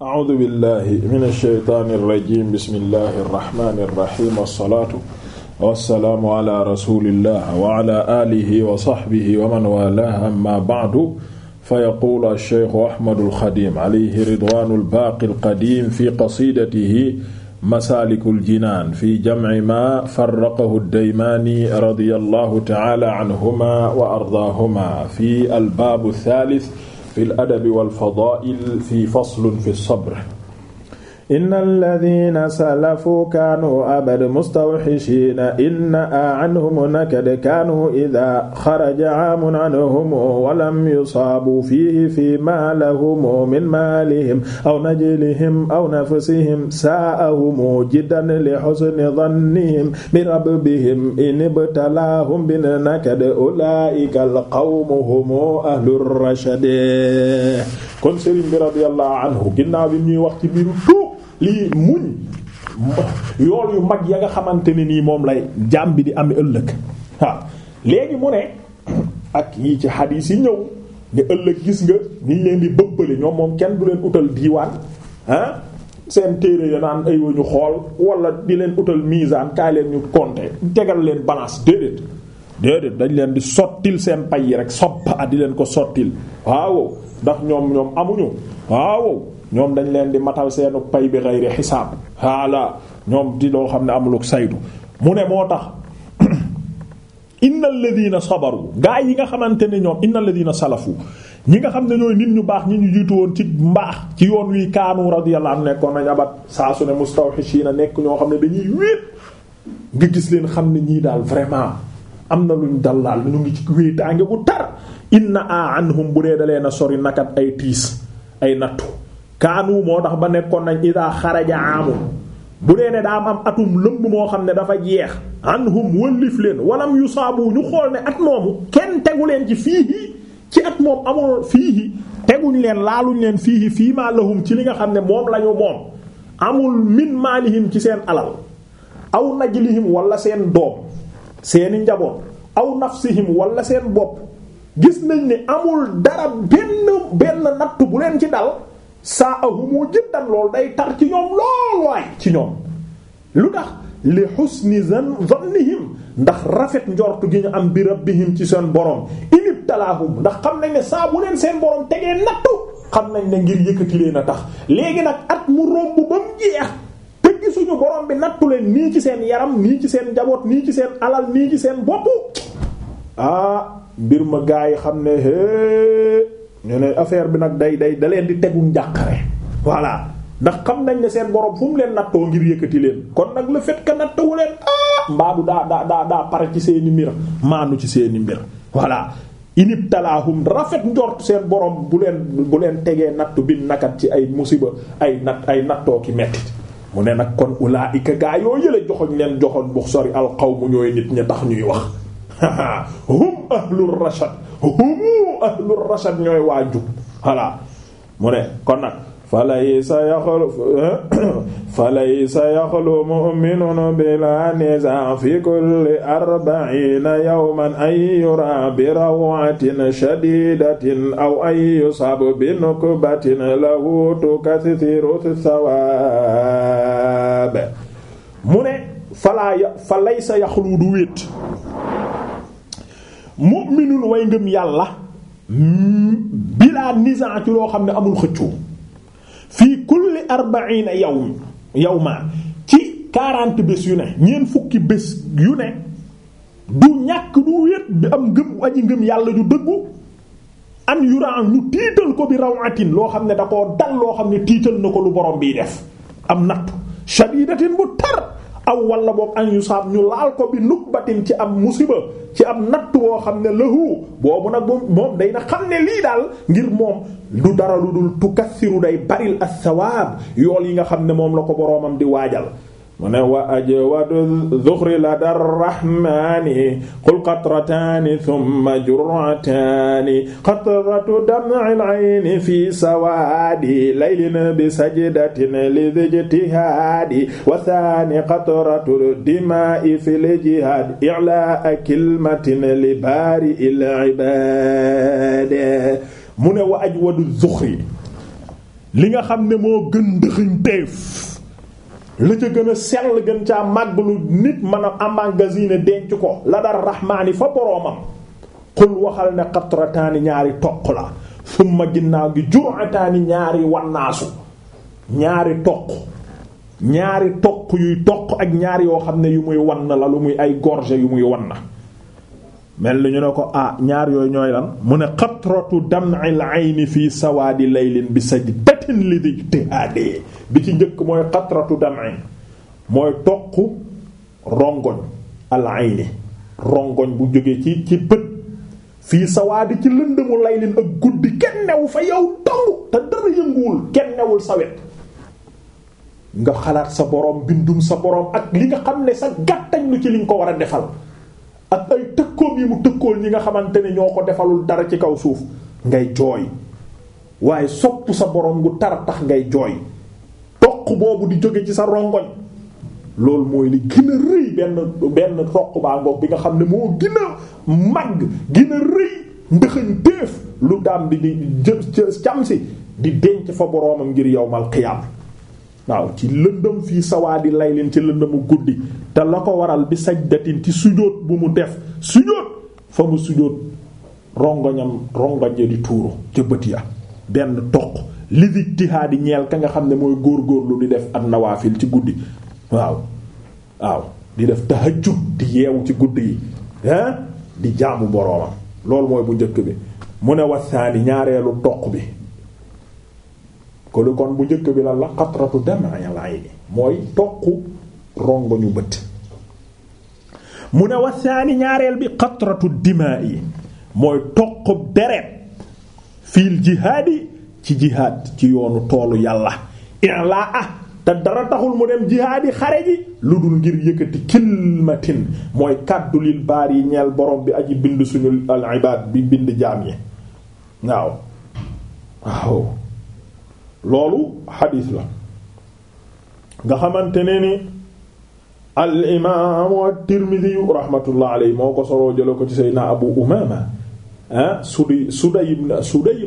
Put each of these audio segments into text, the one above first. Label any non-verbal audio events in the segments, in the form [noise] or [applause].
a'uudu billahi mina shaytaani rajiim bismillahi rahmaani rahiim wassalaatu wassalaamu ala rasulillah wa ala aalihi wa sahbihi wa man waalaahu amma ba'du fa yaquulu ash-shaykhu Ahmadu al-Xadiim alayhi ridwaanu al-baaqi al-qadiim fi qasiidatihi masaalikul jinaan fi jamci maa farraqahu ad-Daymaani radiyallahu ta'aala anhumaa wa ardaahumaa fi al-baab ath-thaalith fi l adabi wal fadaa'il fi faslun fi sabr inna alladina salafu kaanu abad mustawxishiina innaa anhum nakad kaanu ida xaraja aamun anhum walam yusaabu fiihi fi ma lahum min maalihim aw najlihim aw nafsihim saa'ahum jiddan li xusni dannihim bi rabbihim in ibtalaahum bi nakad ulaa'ika alqawmu hum ahlu rashad kon sëriñ bi radiyallahu anhu ginnaaw bi ñuy wax ci biiru tuub lii muñ yool yu mag ya nga xamante ne nii moom lay jaam bi di am ëllëg waaw léegi mu ne ak yi ci xadiis yi ñëw ne ëllëg gis nga niñ leen di bëbbale ñoom moom kenn du leen utal diiwaan ah seen téere ya naan ay ñu xool wala di leen utal misaan kaay leen ñu compter tegal leen balance déedéet déedéet dañ leen di sottil seen pay yi rek sopp a ah, di leen ko sottil waaw ndax ñoom ñoom amuñu waaw ñoom dañ leen di matal seenu pay bi xayri xisaab haala ñoom di loo xam ne amuluk saytu mu ne moo tax [clears throat] innal ladina sabaru gaa yi nga xamante ne ñoom innal ladina salafu ñi nga xam ne ñooy nit ñu baax ñu ñu jiitu woon ci mbaax ci yoon wi kaanu radiyallahu anhu nekkoon nañ abat saa su ne na nekk ñoo xam ne dañuy wéet nga gis leen xam ne ñii daal vraiment am na luñ dallaal ñu ngi ci wéetaange bu tar inna a anhum bu dee dalee na sori nakat ay tiis ay nattu kaanu moo tax ba nekkoon nañ ida xaraja aamul bu dee ne daa am atum lëmb moo xam ne dafa jeex anhum wëllif leen walam yu saabu ñu xool ne at moomu kenn tegu leen ci fii ci at moom amul fii teguñ leen laaluñ leen fii fii maa lahum ci li nga xam ne moom lañu ñu moom amul min maalihim ci seen alal aw najlihim walla seen doom seeni njaboot aw nafsihim wala seen bopp gis nañ ni amul dara benn benn natt bu leen ci dal. saa ahumu jiddan lool day tar ci ñoom lool waay ci ñoom lu tax li husni zannihim ndax rafet njortu gi ñu am bi rabbihim ci seen boroom inib talaahum ndax xam nañ ne saa bu leen seen borom tegee nattu xam nañ ne ngir yëkkati leen a tax léegi nag at mu romb ba mu jeex te gisuñu borom bi nattu leen nii ci seen yaram nii ci seen njaboot nii ci seen alal nii ci seen bopp ah mbir ma gaa yi xam ne hee ñu ne affaire bi nag day day da leen di tegu njàqare voilà ndax xam nañ ne seen borom fu mu leen nattoo ngir yëkkati leen kon nag la fait que nattawu leen ah mbaadu daa daa daa daa pare ci seeni mbir maanu ci seeni mbir voilà inib talaahum rafet njort seen borom bu leen bu leen tegee nattu bi nakat ci ay musiba ay nat ay nattoo ki mettit mu ne nag kon ulaa'ika gaa yoo yële joxoñ leen joxoon bu sori alqawmu ñooy nit ña tax ñuy wax [laughs] hum ahlur rashad humu ahlu rashad ñooy waa jub voilà mu ne kon nag falaysa yaxlu [coughs] falaysa yaxlu mu'minun bila nizaa fi kulli arba'iina yawman ay yura bi rawatin shadidatin aw ay yusab bi nukbatin lahu tukathiru thawaab mu ne falaa falaysa yaxlu du wéet mu'minun way ngëm yàlla hmm, bilaa nisan ci loo xam ne amul xëccoo fii kulli arbaina yawm yawma ci quarante bés yu ne ñeent fukki bés yu ne du ñàkk du wéet bi am ngëm aji ngëm yàlla ju dëggu an yuran ñu tiital ko bi rawatin loo xam ne da koo dal loo xam ne tiital na ko lu borom biy def am nattu shadidatin bu tar aw wala boobu an yusaab ñu laal ko bi nukbatin ci am musiba ci am natt woo xam ne lahu boobu nag moom day na xam ne lii daal ngir moom du dara lu dul tukassiru day baril as-sawaab yool yi nga xam ne moom la ko boroomam di waajal mu ne wa ajwadu zuxri la darrahmani qul qatrataani thumma jurataani qatratu dam'il ayni fi sawaadi laylin bi sajdatin li dijtihaadi wa thani qatratu dima'i fil jihaad i'laa kilmatin li baari il ibaad mu ne wa ajwadu zuxri li nga xam ne moo gën dëxëñteef li ca gën a sell gën caa màgg lu nit mën a emmagasiné denc ko la dar rahmaani fa boroomam xul waxal ne qatrataani ñaari toq la summa ginnaaw gi jurataani ñaari wannaasu ñaari toq ñaari toq yuy toq ak ñaari yoo xam ne yu muy wann la lu muy ay gorge yu muy wann mel ni ñu ne ko ah ñaar yooyu ñooy lan mu ne qatratu dam'il ayni fii sawaadi laylin bi sajdatin li ijtihaadi bi ci njëkk mooy qatratu dam'in mooy toq rongoñ al ayni rongoñ bu jógee ci ci bët fii sawaadi ci lëndamu laylin ak guddi kenn newu fa yow dong te dara yënguwul kenn newul sa wet nga xalaat sa boroom bindum sa boroom ak li nga xam ne sa gàttañ lu ci liñ ko war a defal ak ay tëkkoom yi mu tëkkoon ñi nga xamante ne ñoo ko defalul dara ci kaw suuf ngay jooy waaye sopp sa boroom gu tar tax ngay jooy toq boobu di jóge ci sa rongoñ loolu mooy li gën a rëy benn benn toq baa ngoog bi nga xam ne moo gën a màgg gën a rëy ndëxañ téef lu daam di di jë cam si di denc fa boromam ngir yowmal qiyaam waaw ci lëndëm fii sawaadi laylin ci lëndëmu guddi te la ko waral bi sajdatin ci sujóot bu mu def sujóot fa mu sujóot rongoñam rongoñe di tuuru ca bët ya benn toq li ijtihaadi ñeel ka nga xam ne mooy lu di def ak nawaafil ci guddi waaw waaw di def tahajjud di yeewu ci guddi yi hein di jaamu boroomam loolu mooy bu njëkk bi mu ne wasaani ñaareelu toq bi kolu bu njëkk bi la la qatratu dam'il mooy toq rongoñu bët mu ne wa saani ñaareel bi qatratu dimaa'i mooy toqu deret fiil jihaadi ci jihaad ci yoonu toolu yàlla i'laa ah te dara taxul mu dem jihaadi xare ji lu dul ngir yëkkati kilmatin mooy kàddu lil baar yi ñeel borom bi aji bind suñu al ibaad bi bind jaam yi waaw waaw loolu xadiis la nga xamante ne ni al imaamu at-Tirmidhi rahmatullah alayhi moo ko soroo jële ko ci Seydina Abu Umaama ah Suday Suday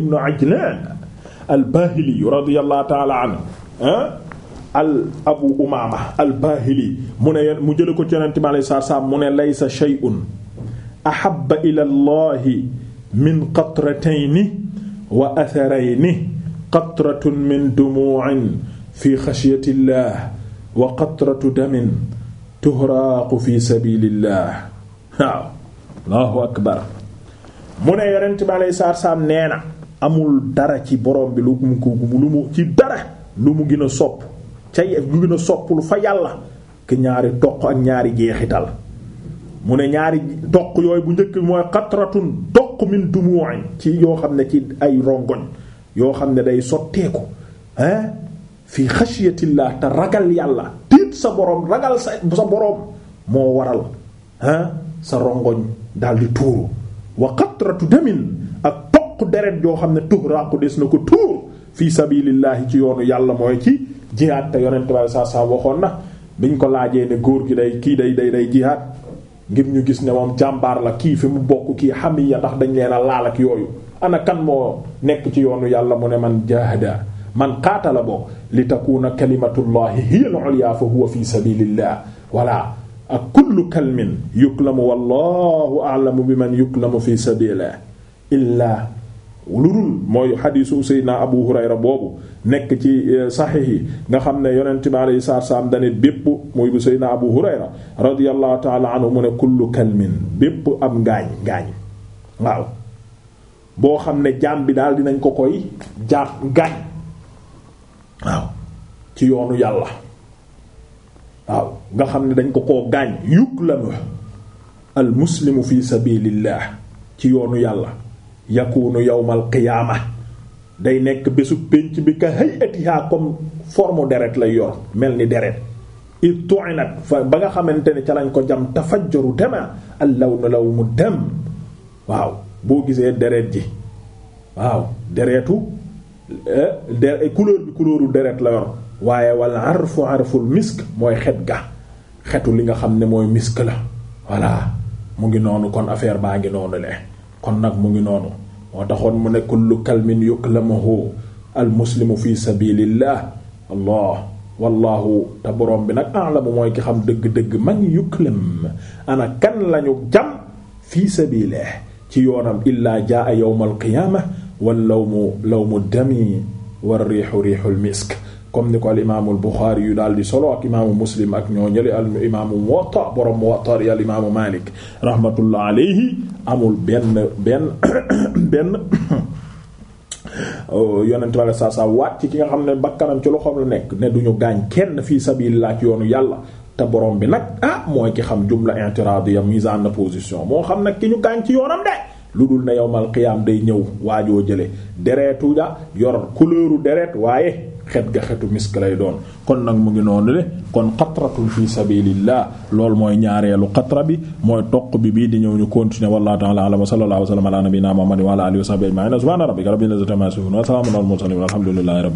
al-Bahili radiyallahu ta'ala anhu ah al Abu Umaama al-Bahili mu ne mu jële ko ci Yonent mi alayhi salaatu salaam mu ne laysa a ahabba ila Allahi min qatratayni wa atharayni qatratun min dumu'in fi xashyati llah wa qatratu waaw allahu akbar mu ne yonent bi aleyhi salaatu salaam nee na amul dara ci borom bi lu mu ko lu mu ci dara lu mu gën a sopp ca lu gën a sopp lu fa yàlla ki ñaari toq ak ñaari jeexital mu ne ñaari toq yooyu bu njëkk bi mooy qatratun toq min dumu'in ci yoo xam ne ci ay rongoñ yoo xam ne day sotteeku hein fii xasiyatillah te ragal yàlla tiit sa boroom ragal sa sa boroom moo waral hein sa rongoñ daldi tuuru wa qatratu damin ak toq deret yoo xam ne tuhraqu des na ko tuur fii sabilillahi ci yoonu yàlla mooy ci jihaad te yonent bi saa saa waxoon na biñ ko laajee ne góor gi day kii day day day jihaad ngir ñu gis ne moom jàmbaar la kii fi mu bokk kii xam ya ndax dañ leen a laal ak yooyu ana kan moo nekk ci yoonu yàlla mu ne man jahada man qaatala boo li takuna kalimatullahi hiya al-ulya fa huwa fi sabilillah wala ak kullu kalmin yuklamu wallahu a'lamu biman yuklamu fi sabilihi illaa lurul mooy xadiisu Seydina Abu Hurayra boobu nekk ci eh, saxiix nga xam ne yonent bi alayhi salaatu salaam dane bépp muy bu Seydina Abu Hurayra radiyallahu ta'ala mu ne kullu kalmin bépp am ngaañ ngaañ waaw boo xam ne jaam bi daal dinañ ko koy jaam gaañ waaw ci yoonu yàlla waaw nga xam ne dañ ko koo gaañ yuklamu al muslimu fi sabilillah ci yoonu yàlla yakunu yawmal qiyaama day nekk bésu pénc bi ka hayatiha comme forme deret lay yor mel ni deret it tu'inat fa ba nga xamante ne ca lañ ko jam tafajjaru dama al lawnu mu dem waaw boo gisee deret ji waaw deretu eh, de couleur bi couleuru deret la yor waaye wala arfu arful misk mooy xet ga xetu li nga xam ne mooy misk la voilà mu ngi noonu kon affaire baa ngi noonu le kon nag mu ngi noonu moo taxoon mu ne kullu kalmin yuklamuhu al muslimu fi sabilillah allah wallahu te borom bi nag a'lamu mooy ki xam dëgg-dëgg man yuklam ana kan lañu jam fi sabilillah ci yoonam illaa jaa a yawmal qiyaama wal lawmu lawmu dami war riixu riixul misk comme ni yu daal di solo ak imaamu Muslim ak ñoo ñële al imaamu Muwatta borom Muwatta al imaamu Maalik rahmatullah alayhi amul benn benn [coughs] benn [coughs] oh, yonent wala sa saa waat ci ki nga xam ne bakkanam ci loxoom la nekk ne duñu gaañ kenn fii sabilillah ci yoonu yàlla te borom bi nag ah mooy ki xam jumla intiradiya mise en opposition moo xam nag ki ñu gaañ ci yoonam de lu dul ne yowmal qiyaam day ñëw waajoo jële deretu ja yor couleuru deret waaye xet ga xetu misk lay doon kon nag mu ngi noonu le kon xatratun fi sabilillah loolu mooy ñaareelu xatra bi mooy toq bi bii di ñëw ñu continuer wallahu ta'ala a'lam wa sallallahu wa sallam ala nabiyyina